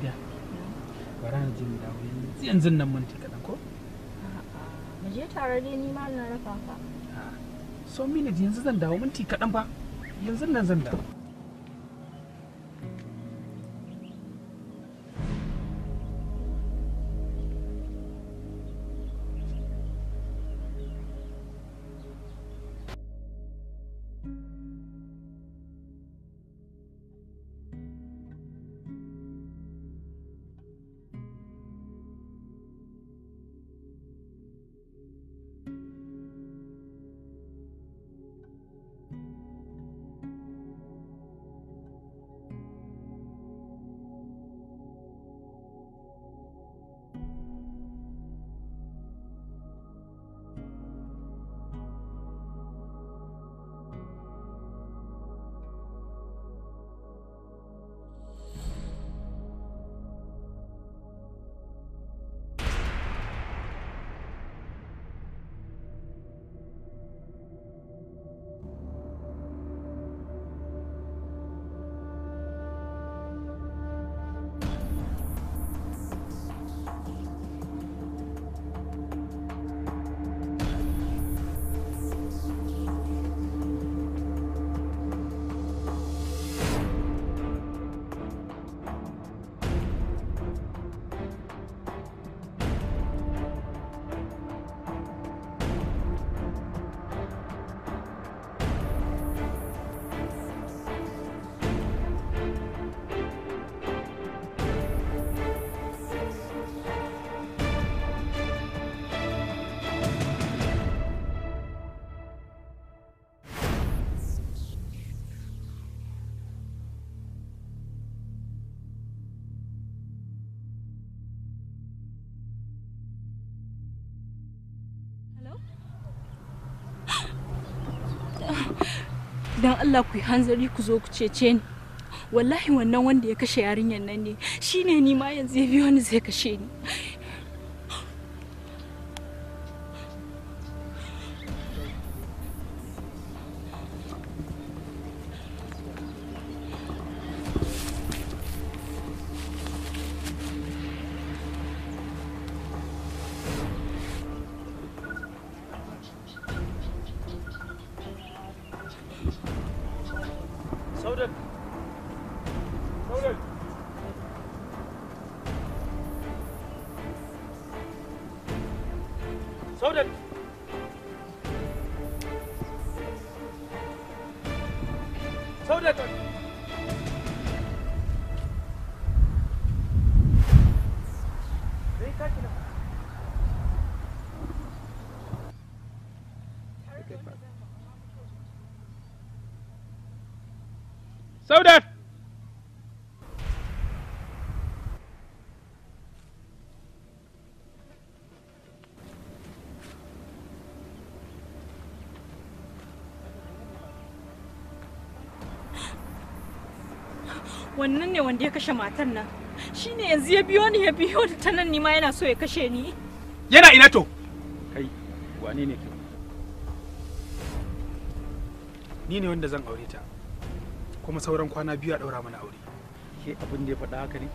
lafiya bara na je mu dawo yanzu nan minti kaɗan ko mu je tare ni ma na rafa ka so yanzu zan dawo fa yanzu nan zan dawo Allah ku yi hanzari ku zo ku cece ni wallahi wannan wanda ya kashe yarinyar nan ne shine ni ma yanzu ya biyo ni zai kashe ni Saudat! Wannan ne wanda ya kashe matan nan. Shi ne yanzu ya biyo ni ya biyo ni ta nan ma yana so ya kashe ni. Yana ina to? Kai, wane ne ke? Ni ne wanda zan aure ta. kuma sauran kwana biyu a daura mana aure ke abin da ya faɗa haka ne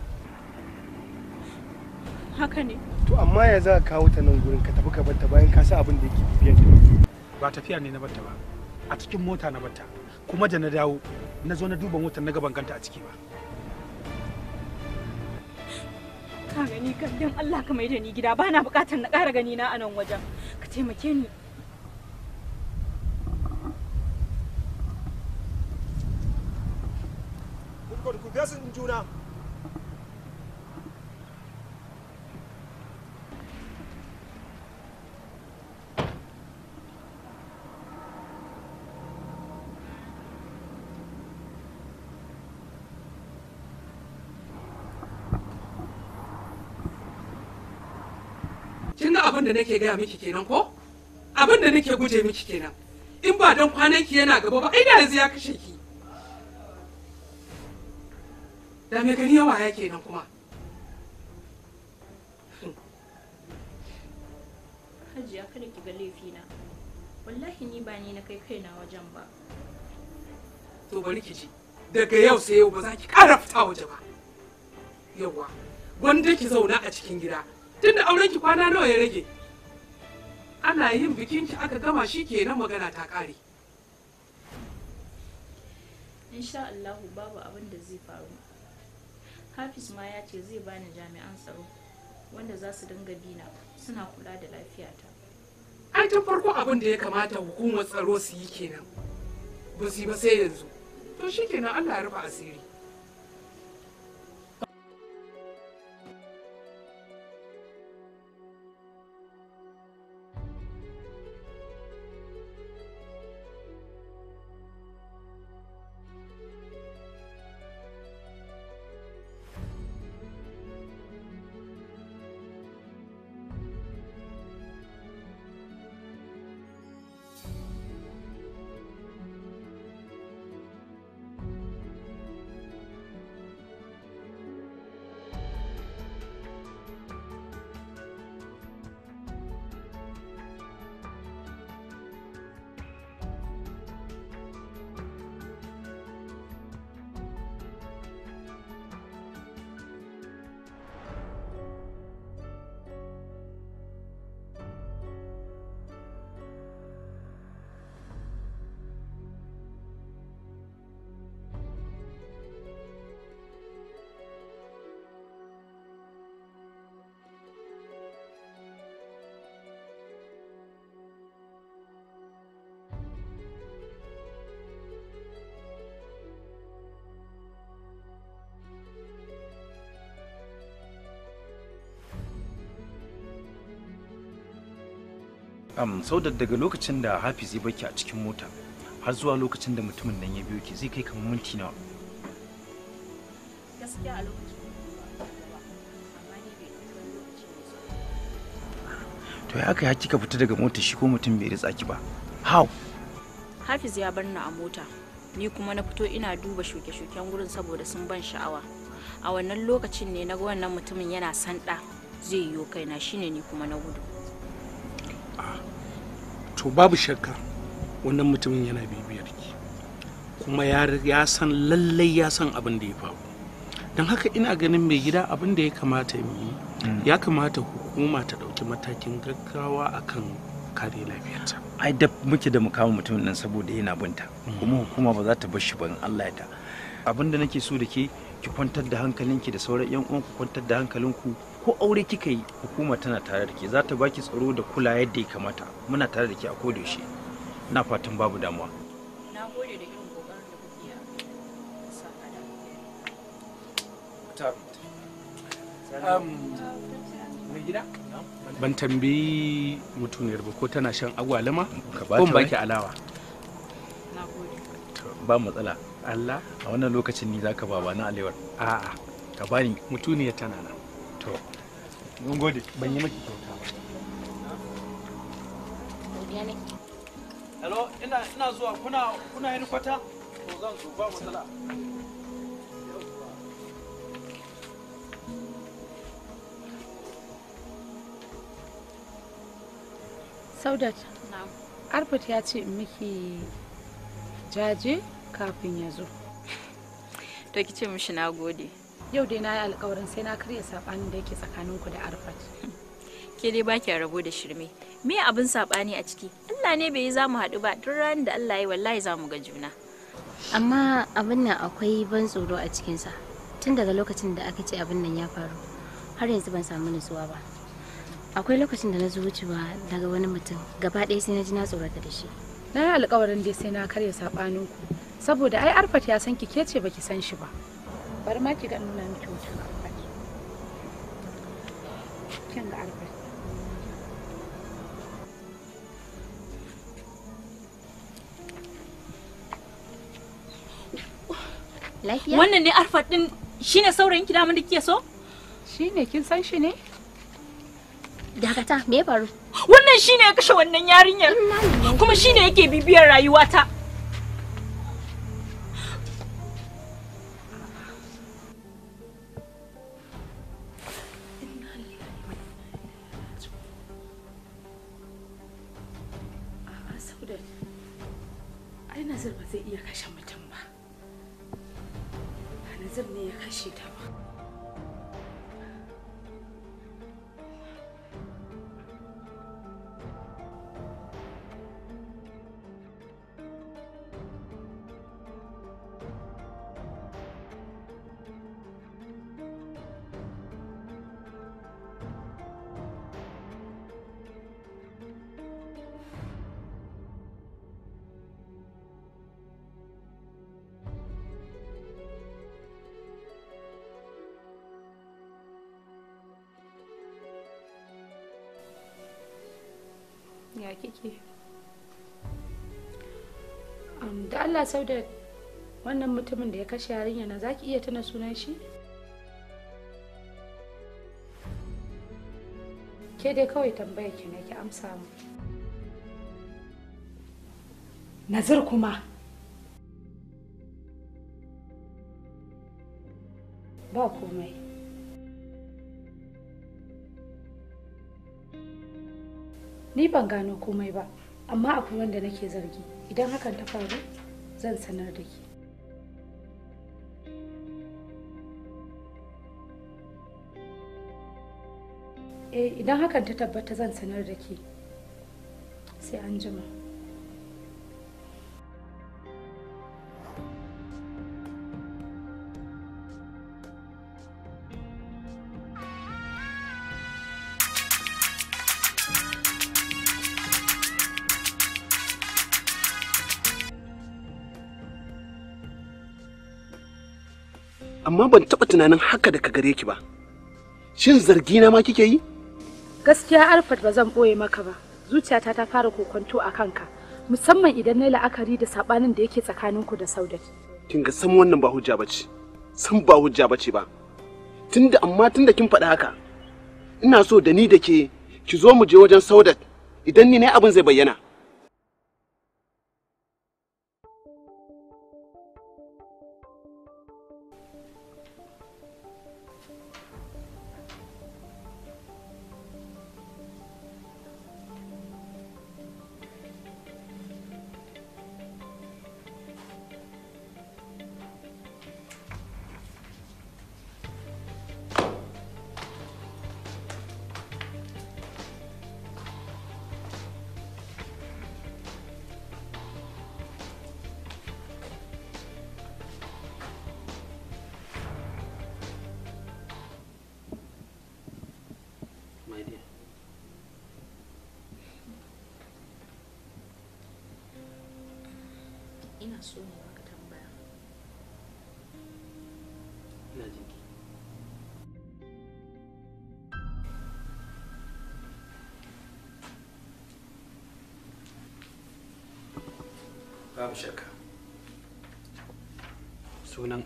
haka ne to amma ya za ka kawo ta nan gurin ka tafi ka batta bayan ka sa abin da yake bibiyan ta ba tafiya ne na batta ba a cikin mota na batta kuma da na dawo na zo na duba motar na gaban ganta a ciki ba ka gani kan Allah ka mai da ni gida ba na bukatar na ƙara gani na a nan wajen ka taimake ni nasu juna kin ga abin da nake gaya miki kenan ko abin da nake guje miki kenan in ba don kwananki yana gaba ba ai da yanzu ya kashe ki da mai gani yawa yake nan kuma hajiya kada ki ga laifina wallahi ni ba ni na kai kaina wajen ba to bari ki ji daga yau sai yau ba za ki kara fita waje ba yawa gwanda ki zauna a cikin gida tunda auren ki kwana nawa ya rage ana yin bikin ki aka gama shi kenan magana ta ƙare insha Allah babu abin da zai faru hafiz ma ya ce zai bani jami'an tsaro wanda za su dinga bina suna kula da lafiyata ai ta farko abin da ya kamata hukumar tsaro su yi kenan ba su yi ba sai yanzu to shi kenan allah ya rufe asiri um, sau da daga lokacin da hafiz ya baki a cikin mota har zuwa lokacin da mutumin nan ya biyo ki zai kai kamar minti nawa a lokacin to ya kai kika fita daga mota shi ko mutum bai ritsa ki ba how hafiz ya bar ni a mota ni kuma na fito ina duba shuke-shuken gurin saboda sun ban sha'awa a wannan lokacin ne na ga wannan mutumin yana sanda zai yiwo kaina shine ni kuma na gudu to babu shakka wannan mutumin yana bibiyar ki kuma ya san lallai ya san abin da ya faru don haka ina ganin mai gida abin da ya kamata yi mm. ya kamata hukuma ta ɗauki matakin gaggawa akan kare lafiyarta ai da muke da mukamin mutumin nan saboda yana binta mm. kuma hukuma ba za ta bar shi ba in Allah ya ta abin da nake so da ke ki kwantar da hankalinki da sauran yan uwanku kwantar da hankalinku ko aure kika yi hukuma tana tare da ke za ta baki tsaro da kula yadda ya kamata muna tare da ke a kodayaushe na fatan babu damuwa na gode da irin kokarin da kuke mai gida ban tambayi mutuniyar ba ko tana shan lama ko ba ki alawa ba matsala Allah a wannan lokacin ni zaka ba ba na alewar a'a ka bani mutuniya tana nan to mun gode ban yi maki kyauta ba hello ina ina zuwa kuna kuna yin kwata to zan zo ba matsala Saudat, Arfat ya ce miki jaje kafin ya zo. To ce mishi na gode. yau dai na yi alkawarin sai na karya saɓanin da yake ku da arfat ke dai baki rabo da shirme me abin saɓani a ciki allah ne bai yi za mu haɗu ba duk ranar da allah ya wallahi za mu ga juna amma abin nan akwai ban tsoro a cikinsa tun daga lokacin da aka ce abin nan ya faru har yanzu ban samu nutsuwa ba akwai lokacin da na zo wucewa daga wani mutum gaba ɗaya sai na ji na tsorata da shi na yi alkawarin dai sai na karya ku saboda ai arfat ya san ki ke ce baki san shi ba bar ma ki ga nuna miki wucin arfai kin ga arfai lafiya wannan ne arfa din shine saurayin ki da mun dake so shine kin san shi ne dagata me faru wannan shine ya kashe wannan yarinyar kuma shine yake bibiyar rayuwata ya kike da allah sau wannan mutumin da ya kashe yarinya na zaki iya tuna sunan shi ke dai kawai tambaya ki na ki amsa mu nazir kuma ba komai ni ban gano komai ba amma akwai wanda nake zargi idan hakan ta faru zan sanar da ke. eh idan hakan ta tabbata zan sanar da ke sai an jima amma ban taba tunanin haka daga gare ki ba shin zargi na ma kike yi gaskiya arfat ba zan ɓoye maka ba zuciyata ta fara kokonto a kanka musamman idan na la'akari da sabanin da yake tsakaninku da saudat kin ga san wannan ba hujja bace san ba hujja bace ba tunda amma tunda kin faɗi haka ina so da ni da ke ki zo mu je wajen saudat idan ni ne abin zai bayyana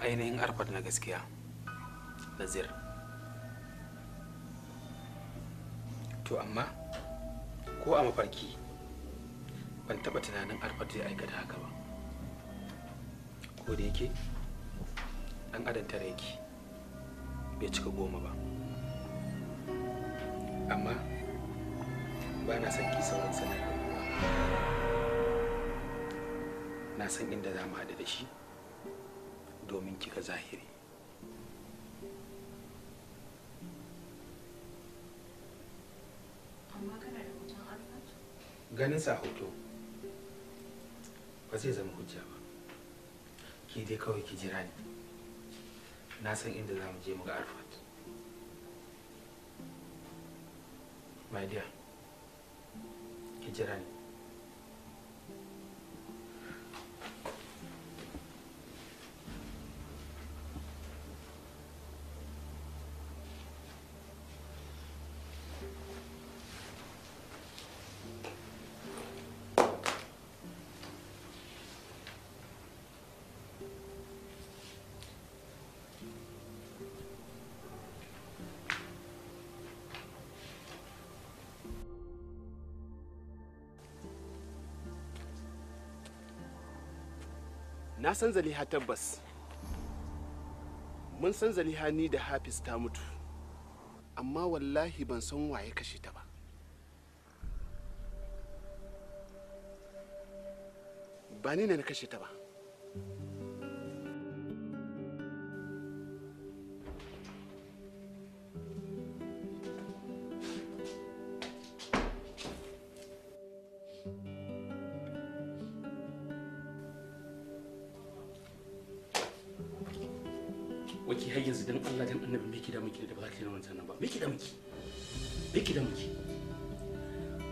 ainihin arfar na gaskiya nazir to amma ko a mafarki ban taba tunanin arfat zai aikata haka ba ko da yake dan adam tare yake bai cika goma ba amma ba na son ki sauran sanar na san inda za mu haɗu da shi domin kiga zahiri ganin sa hoto ba zai zama hujja ba ki dai kawai ki jira ni na san inda za mu je mu arfat my dear ki jira ni na san zaliha tabbas mun san zaliha ni da hafiz ta mutu amma wallahi ban san waye kashe ta ba ba ni ne na kashe ta ba miki da ba za ki da wancan nan ba miki da miki miki da miki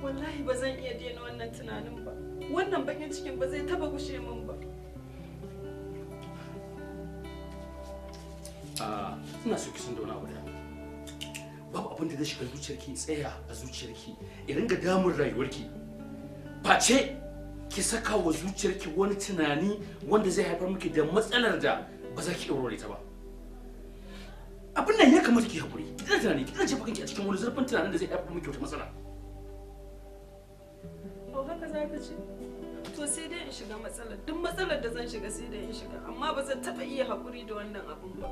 wallahi ba zan iya daina wannan tunanin ba wannan bakin cikin ba zai taba gushe min ba ah ina so ki san da wani abu da babu abin da zai shiga zuciyarki tsaya a zuciyarki ya ringa damun rayuwarki face ki saka wa zuciyarki wani tunani wanda zai haifar miki da matsalar da ba za ki iya ta ba abin nan ya kamata ki haƙuri ki tunani ki tsaya jefa kanki a cikin wani zurfin tunanin da zai haifar miki wata matsala to haka za ka ce to sai dai in shiga matsala duk matsalar da zan shiga sai dai in shiga amma ba zan taɓa iya haƙuri da wannan abin ba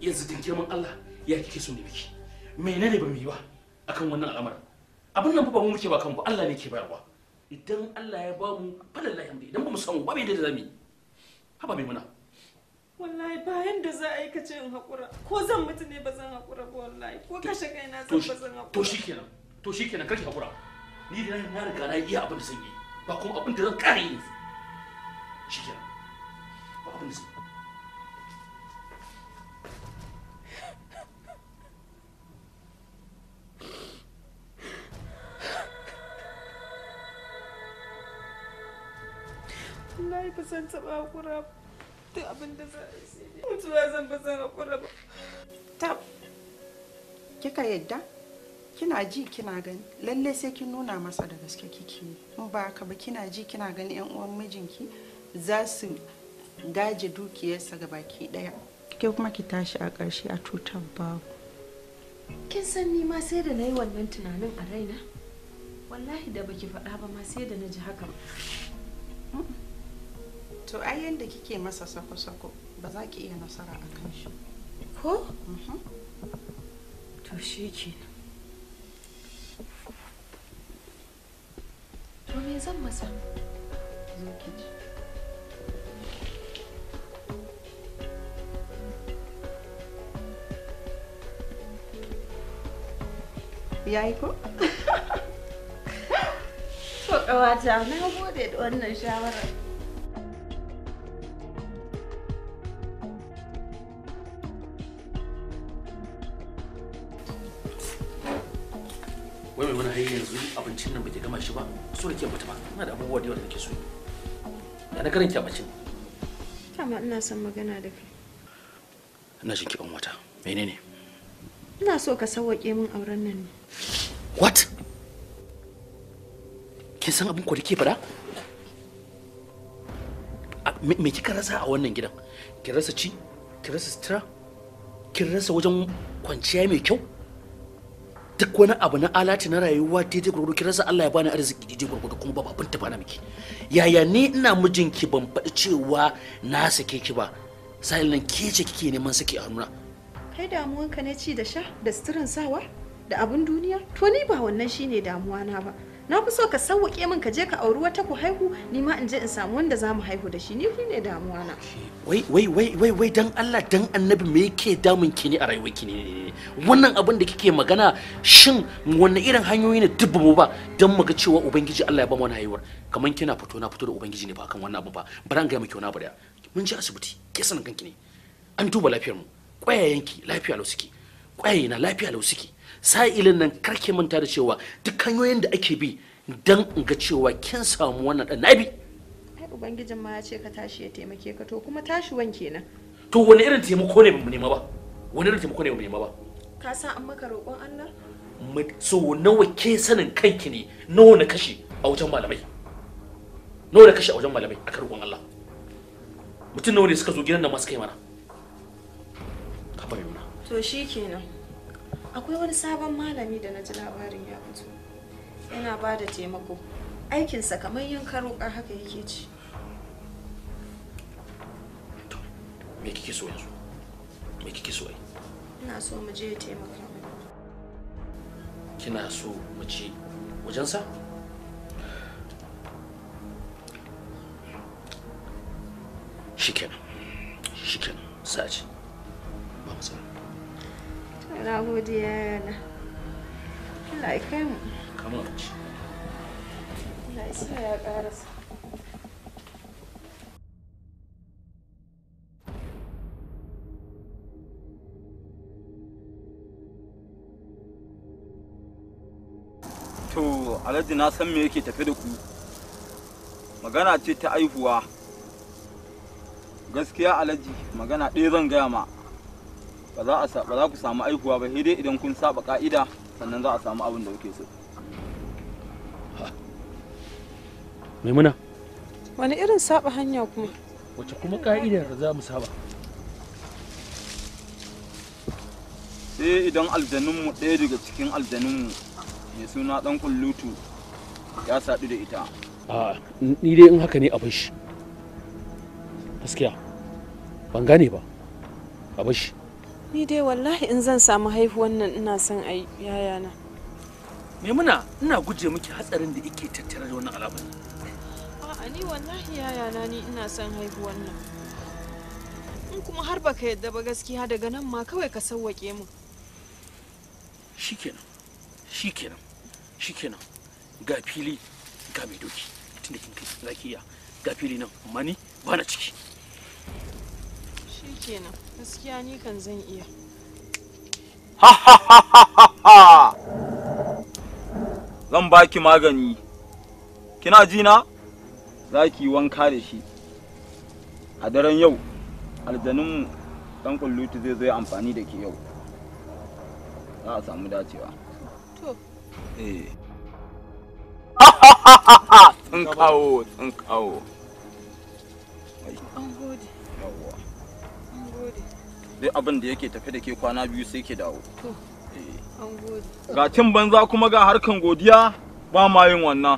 yanzu din girman Allah ya kike so ne miki menene ba mu yi ba akan wannan al'amar abin nan ba mu muke ba kan ba Allah ne ke bayarwa idan Allah ya ba mu falallahi idan ba mu samu ba bai da zamu yi haba mai muna wallahi bayan da za a yi kace in haƙura ko zan mutu ne ba zan haƙura ba wallahi ko kashe kaina zan ba zan haƙura to shikenan to shikenan kashi haƙura ni da na riga na iya abin da zan yi ba kuma abin da zan ƙara yi shikenan ba abin da zan yi wallahi ba zan taɓa haƙura ba kika yadda kina ji kina gani lalle sai kin nuna masa da gaske kiki in ba ka ba kina ji kina gani yan uwan mijinki za su gaje dukiyarsa ga baki daya ke kuma ki tashi a ƙarshe a tutar babu kin san ni ma sai da nayi wannan tunanin a raina wallahi da baki faɗa ba ma sai da na ji haka to ai yanda kike masa sako-sako ba za ki iya nasara a kan shi ko mhm. to shi kenan to me zan masa yayi ko? To ƙawata na gode da wannan shawarar. abincin nan baki gama shi ba so da ke mutu ba ina da abubuwa da yawa da nake so ya na karanta bacin kama ina son magana da kai ina jin kiban wata menene ina so ka sawwake min auren nan ne what kin san abin ko da ke fada me kika rasa a wannan gidan ki rasa ci ki rasa sutura ki rasa wajen kwanciya mai kyau duk wani abu na alaci na rayuwa daidai gwargwado ki sa Allah ya bani arziki daidai gwargwado kuma ba abin tafana na miki yaya ni ina mijinki ban faɗi cewa na sake ki ba sai nan ke ce kike neman saki a hannuna kai damuwanka ne ci da sha da suturin sawa da abin duniya to ni ba wannan shine damuwa na ba na fi so ka sauwaƙe min ka je ka auri wata ku haihu ni ma in je in samu wanda za mu haihu da shi ni fi ne damuwa na wai wai wai wai wai dan Allah dan annabi me yake damun ki ne a rayuwar ki ne wannan abin da kike magana shin wanne irin hanyoyi ne dubba mu ba dan mu ga cewa ubangiji Allah ya ba mu wani haihuwar kaman kina fito na fito da ubangiji ne ba kan wannan abu ba bari an ga miki wani abu da mun je asibiti ke sanin kanki ne an duba lafiyar mu ki lafiya lau suke kwaye na lafiya lau suke sa'ilin nan karke manta da cewa duk hanyoyin da ake bi dan in ga cewa kin samu wannan dan nabi ai ubangijin ma ya ce ka tashi ya taimake ka to kuma tashi wan kenan to wani irin taimako ne bamu nema ba wani irin taimako ne bamu nema ba ka san an maka roƙon Allah so nawa ke sanin kanki ne nawa na kashe a wajen malamai nawa na kashe a wajen malamai a karɓon Allah mutum nawa ne suka zo gidan da masu kai mana ka fahimta to shi kenan akwai wani sabon malami da na ji labarin ya fito yana ba da taimako aikinsa kamar yanka roƙa haka yake ci to me kike so yanzu me kike so ai ina so mu je ya taimaka kina so mu je wajensa shikenan sa sace ba matsala na gode yana Allah ya kai mu kamar ci Allah ya ya karasa To, Alhaji na san me yake tafe da ku. Magana ce ta aihuwa. Gaskiya Alhaji, magana ɗaya zan gaya ma. ba za ba za ku samu aikuwa ba sai dai idan kun saba ka'ida sannan za a samu abin da kuke so maimuna wani irin saba hanya kuma wace kuma ka'idar da za mu saba sai idan aljanunmu ɗaya daga cikin aljanunmu mai suna ɗan kullutu ya sadu da ita a ni dai in haka ne a bashi. gaskiya ban gane ba a bashi ni dai wallahi in zan samu haihuwan nan ina son a yaya na maimuna ina guje miki hatsarin da yake tattare da wannan al'amari a'a ni wallahi yayana ni ina son haihuwan nan in kuma har baka yadda ba gaskiya daga nan ma kawai ka sawwake mu shikenan shikenan shikenan ga fili ga mai doki tunda kin kai lafiya ga fili nan mani bana ciki kenan gaskiya ni kan zan iya ha zan baki magani kina ji na za ki wanka da shi a daren yau aljanin dan kullutu zai zo ya amfani da ke yau za a samu dacewa to eh sun kawo sun kawo duk abin da yake tafi da ke kwana biyu sai ke dawo ga cin banza kuma ga harkan godiya ba ma yin wannan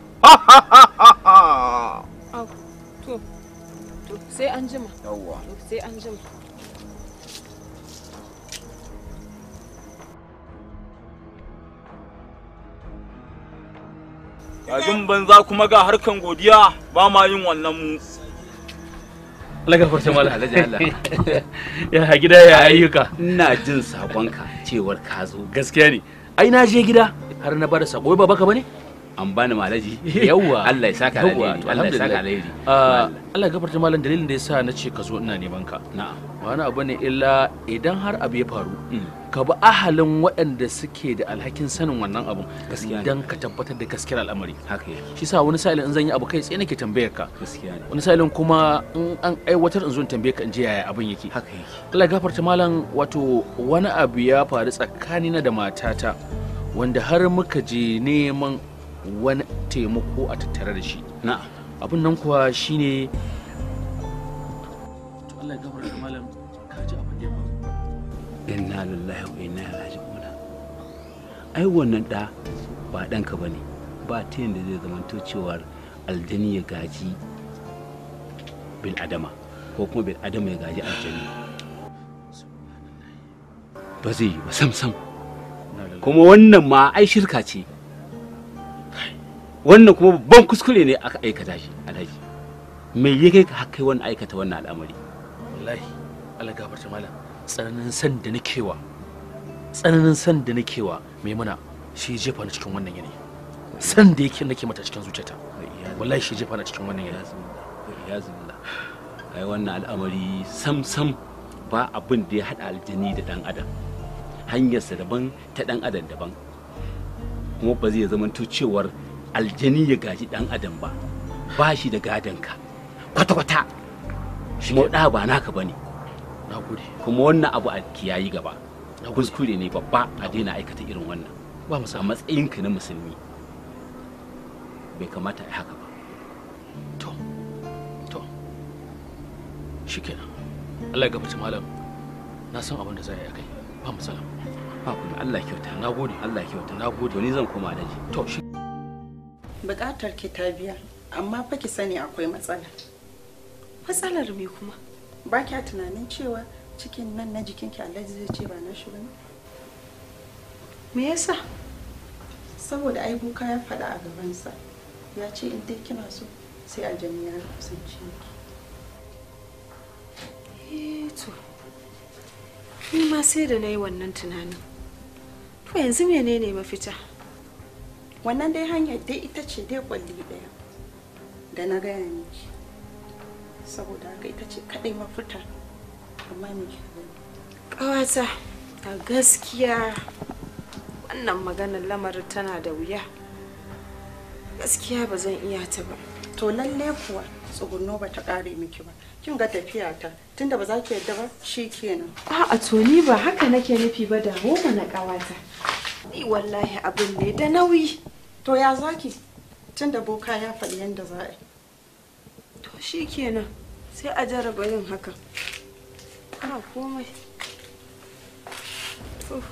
to sai an jima Yawwa. sai an jima Yajin banza kuma ga harkan godiya ba ma yin wannan mu. lagar farce mala ya gida ya ayyuka ina jin sakonka cewar ka zo gaskiya ne ai na je gida har na bada sako ba baka bane an bani malaji yawwa Allah ya saka alheri Allah ya saka alheri ah, Allah ya gafarta malam dalilin da yasa na ce ka zo ina neman ka na'am wani abu ne illa idan har abu ya faru hmm. ka bi ahalin waɗanda suke da alhakin sanin wannan abun dan ka tabbatar da gaskiyar al'amari haka shi sa wani sa'ilin in zan yi abu kai tsaye nake tambayar ka wani sa'ilin kuma in an aiwatar in zo tambaye ka in ji yaya abin yake haka yake Allah ya gafarta malam wato wani abu ya faru tsakanina da matata wanda har muka je neman wani taimako a tattare da shi Na. abin nan kuwa shine to Allah ya gafara malam ka ji da ya faru inna lillahi wa inna ilaihi raji'un ai wannan da ba danka bane ba ta yanda zai zamanto cewa aljani ya gaji bil adama ko kuma bil adama ya gaji aljani ba zai yi ba sam sam kuma wannan ma ai shirka ce wannan kuma babban kuskure ne aka aikata shi alhaji me ya kai ka kai wannan aikata wannan al'amari wallahi Allah gafarta malam tsananin san da nake wa tsananin san da nake wa maimuna shi jefa ni cikin wannan yanayi san da yake nake mata cikin zuciyata wallahi shi jefa ni cikin wannan yanayi ai wannan al'amari sam sam ba abin da ya hada aljini da dan adam hanyarsa daban ta dan adam daban kuma ba zai zamanto cewar aljani ya gaji dan adam ba ba shi da gadon ka kwata-kwata shi da ba naka ba ne kuma wannan abu a kiyayi gaba kuskure ne babba a daina aikata irin wannan ba a ka na musulmi bai kamata a haka ba to to kenan Allah ya gafarta malam na san abin da zai yi kai ba matsala ba kuma Allah ya kyauta nagode Allah ya kyauta nagode to ni zan koma daji to shi buƙatar ki ta biya amma fa ki sani akwai matsala matsalar me kuma ba kya tunanin cewa cikin nan na jikinki Allah zai ce ba na shi bane me yasa saboda ai buka ya faɗa a gabansa ya ce in dai kina so sai a jami'a ya kusance ki eh to ni ma sai da nayi wannan tunanin to yanzu menene mafita wannan dai hanyar dai ita ce dai kwalli daya da na gaya miki saboda haka ita ce kaɗai mafita amma miki ƙawata a gaskiya wannan maganar lamarin tana da wuya gaskiya ba zan iya ta ba to lalle kuwa tsugunno ba ta ƙare miki ba kin ga tafiya ta tunda ba za ki yadda ba shi kenan a'a to ni ba haka nake nufi ba da na ƙawata Ni wallahi abin ne da nauyi. To ya zaki? Tun da boka ya faɗi yadda za a To shi kenan sai a jaraba yin haka Ba komai. To.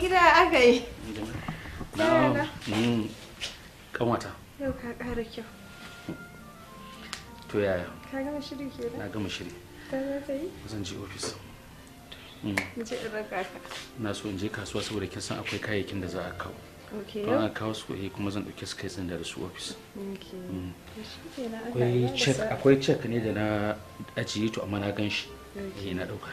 gida aka yi. Mm. Kanwata. Yau ka ƙara kyau. To yaya? Na gama shiri. Zan je ofis. Mm. Mm. Je so in je kasuwa saboda kin san akwai kayayyakin da za a kawo. Don a kawo su eh kuma zan ɗauke su kai da ofis. Akwai ne da na ajiye to amma na gan Eh na ɗauka.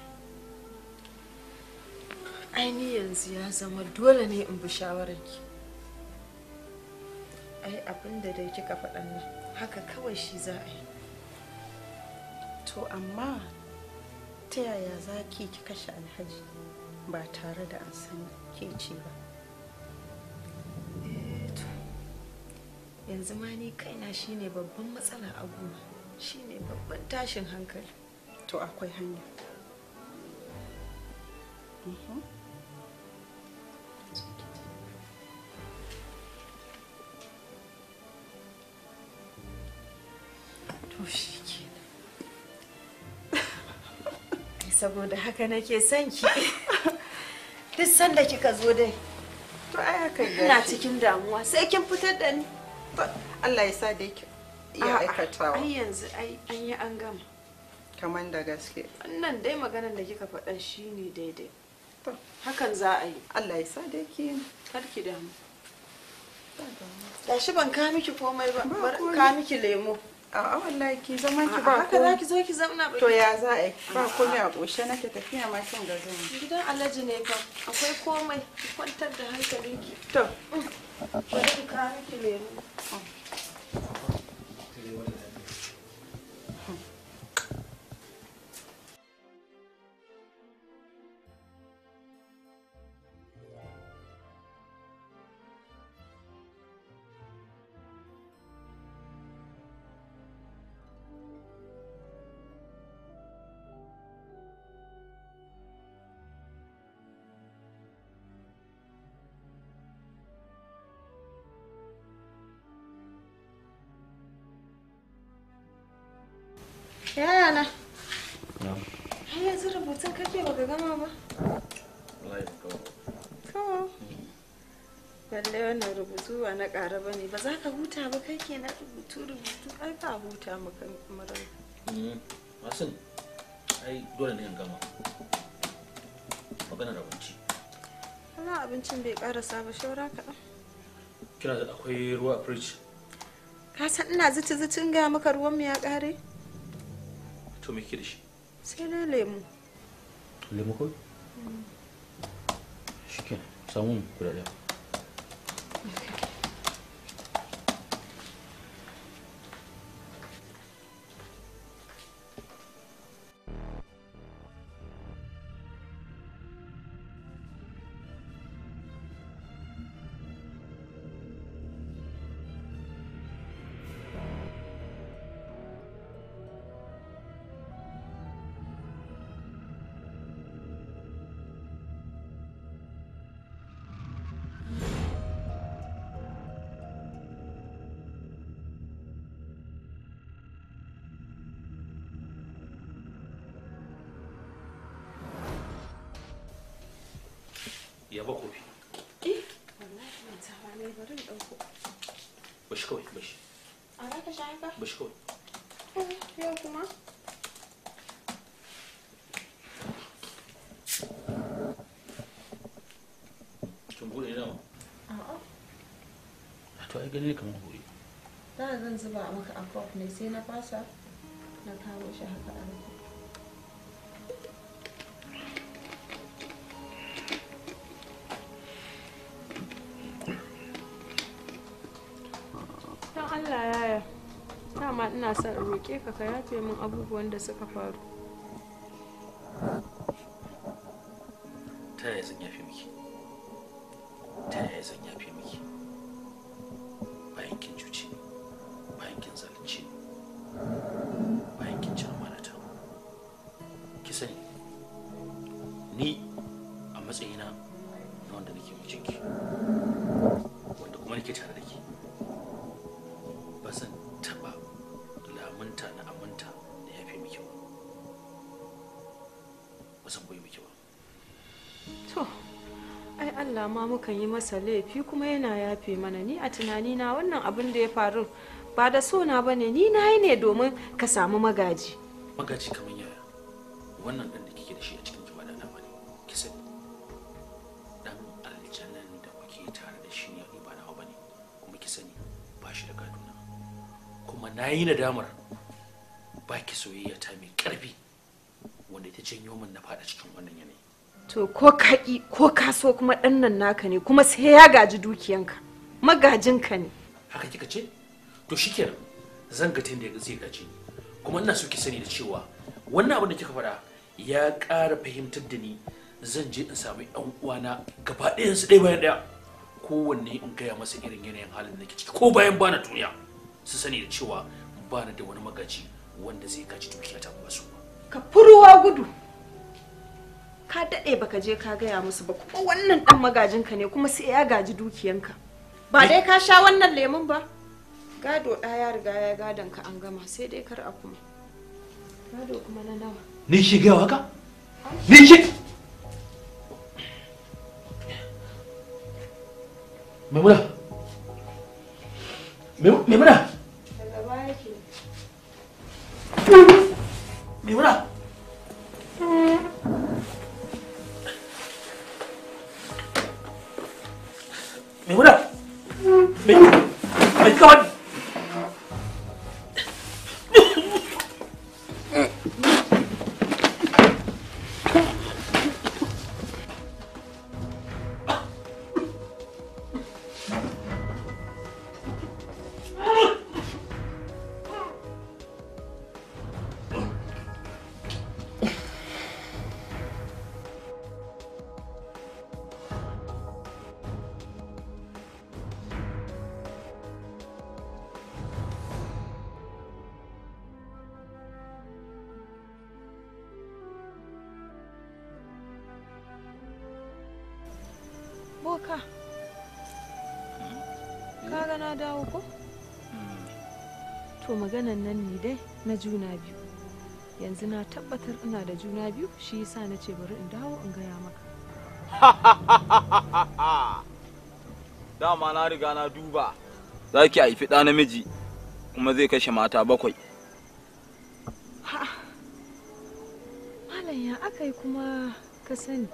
aini yanzu ya zama dole ne in bi shawararki ai abin da dai kika faɗan nan haka kawai shi za a yi to amma ta yaya za ki ki kashe alhaji ba tare da an san ke ce ba eh, yanzu ma ni kaina shine babban matsala a goma shine babban tashin hankali to akwai hanya mhm. saboda haka nake son ki duk sanda kika zo dai to ai haka ne ina cikin damuwa sai kin fitar da ni Allah ya sa da ki iya aikatawa ai yanzu ai an yi an gama kaman da gaske wannan dai maganar da kika faɗa shine daidai to hakan za a yi Allah ya sa da ki kar ki damu shi ban ka miki komai ba ka miki lemo A'a wallahi ki zaman ki ba Haka zaki zo ki zauna To ya za a Ba komai a ƙoshe nake tafiya ma kin ga zan. Gidan Alhaji ne fa. Akwai komai. Ki kwantar da hankalinki. To. ki kawo miki lemu. Oh. Na. yanzu rubutun kake baka gama ba? wannan rubutu ba na ƙara ba ne. Ba za ka huta ba kai ke na rubutu rubutu. Ai ka huta maka mm-hmm. Masin, ai dole ne in gama. Maganar abinci. abincin bai ƙarasa ba shaura Kina da akwai ruwa a fridge? Ka san ina zuci zucin ga maka ruwan mu ya ƙare? to me ke da shi sai na lemu lemu ko shi ke yaba eh? bashi kawai bashi a za ka ba bashi kawai eh, yau kuma nawa a'a to ai gani kamar da zan zuba maka a ne sai na fasa na kawo shi haka a rufe ina sa in roƙe ka ka yafe min abubuwan da suka faru ta yaya zan yafe miki Allah ma mukan yi masa laifi kuma yana yafe mana ni a tunanina wannan abin da ya faru ba da sona ba ne ni na yi ne domin ka samu magaji. Magaji kamar yaya wannan ɗan da kike da shi a cikin jama'a na ne ki sani ɗan aljanan da kuke tare da shi ne ba na ba ne kuma ki sani ba shi da kaduna kuma na yi nadamar ba ki soyayya ta mai ƙarfi wanda ta janyo min na faɗa cikin wannan yanayi. to ko kaƙi ko kaso kuma ɗannan naka ne kuma sai ya gaji dukiyanka magajinka ne haka kika ce to shikenan zan ga da zai gaji kuma ina so ki sani da cewa wannan abin da kika faɗa ya ƙara fahimtar da ni zan je in samu ɗan uwana gaba ɗayan su ɗaya bayan ɗaya kowanne in gaya masa irin yanayin halin da ke ciki ko bayan bana duniya su sani da cewa bana da wani magaji wanda zai gaji dukiyata ba su ka furuwa gudu ka daɗe baka je ka gaya musu ba kuma wannan ɗan ka ne kuma sai ya gaji dukiyanka ba dai ka sha wannan lemun ba gado ɗaya riga ya gadon ka an gama sai dai kar a kuma gado kuma na nawa ni shi gaya waka ni shi maimuna maimuna maganan nan ni dai na juna biyu yanzu na tabbatar ina da juna biyu shi yasa na ce bari in dawo in gaya maka dama na riga na duba za ki haifi ɗa namiji kuma zai kashe mata bakwai malam ya aka kuma ka sani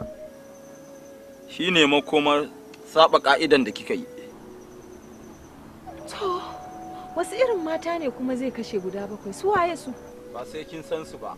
shi ne makomar saba ka'idan da kika yi wasu irin mata ne kuma zai kashe guda bakwai su waye su ba sai kin san su ba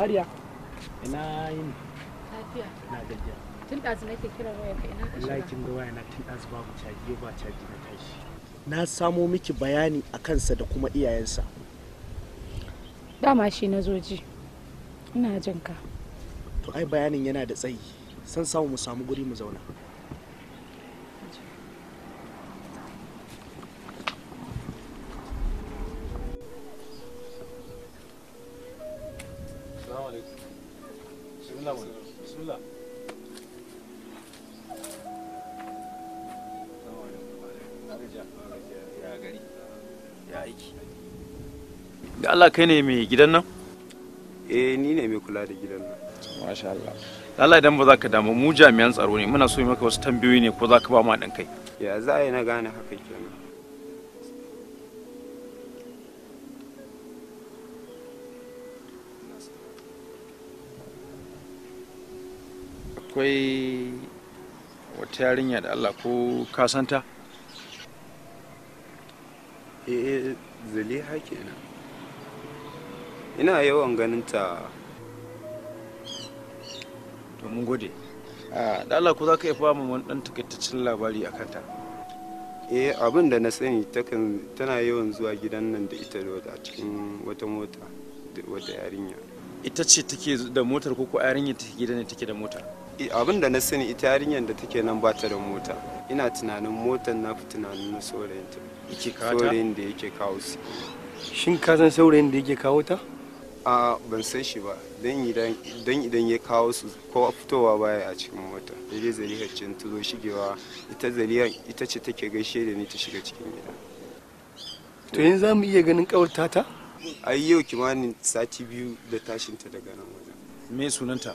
Mariya, ina yin? Lafiya. Na ɗazu nake kiran waya ina ka na samo miki bayani a kansa da kuma iyayensa. Dama shi na zo Ina jinka To ai bayanin yana da tsayi. San samu mu samu guri mu zauna. Allah kai ne mai gidan nan? Eh ni ne mai kula da gidan nan. Masha Allah. Allah idan ba za ka damu mu jami'an tsaro ne muna so yi maka wasu tambayoyi ne ko za ka ba mu haɗin kai. Ya za a yi na gane haka kenan. Akwai wata yarinya da Allah ko ka santa? Eh, eh Zaliha kenan. ina yawan ganin ta to mun gode ah, da Allah ku za ka iya mu wani dan takaitaccen labari akan ta eh abin da na sani tana yawan zuwa gidan nan da ita da a cikin wata mota wata yarinya ita ce take da motar ko ko yarinya take gidan ne take da motar eh, abin da na sani ita yarinyar da take nan ba ta da mota ina tunanin motar na fi tunanin na saurayin ta yake kawo ta saurayin da yake kawo su shin ka san saurayin da yake kawo ta a ban san shi ba don idan ya kawo su ko fitowa baya a cikin mota dai zarihar can tuzo shigewa ita zariya ita ce take gaishe da ni ta shiga cikin gida to yanzu za mu iya ganin kawarta ta yi yau kimanin sati biyu da tashinta daga nan wajen me sunanta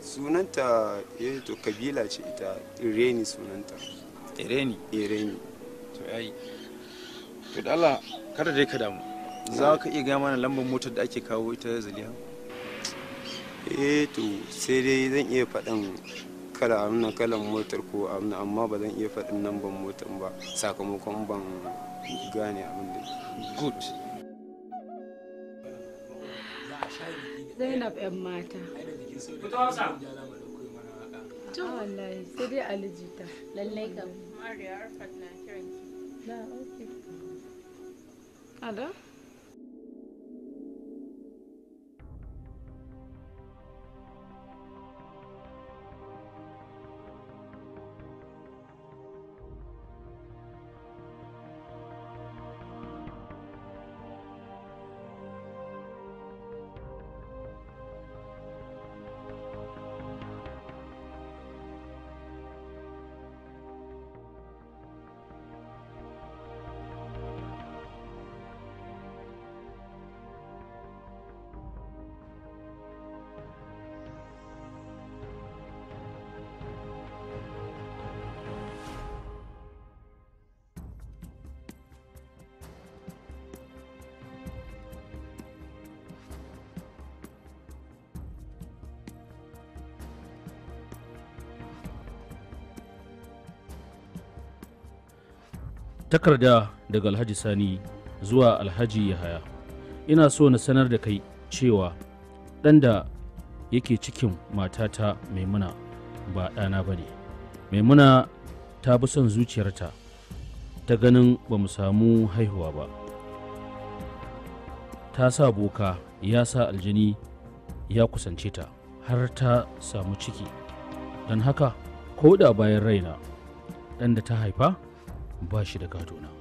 sunanta ya eh to kabila ce ita ireni sunanta ireni ireni to yayi to da Allah kada dai ka damu za ka iya gama na lambar motar da ake kawo ita zaliha eh to sai dai zan iya faɗin kala amina kalan motar ko amina amma ba zan iya faɗin lambar motar ba sakamakon ban gane abin da good zainab yan mata to wallahi sai dai lallai kam mariya na na takarda daga alhaji sani zuwa alhaji yahaya ina so na sanar da kai cewa ɗan da yake cikin matata maimuna ba ɗana ba ne maimuna ta bi son zuciyarta ta ganin ba mu samu haihuwa ba ta sa boka ya sa aljini ya kusance ta har ta samu ciki don haka ko da bayan raina ɗan da ta haifa ba shi da katona.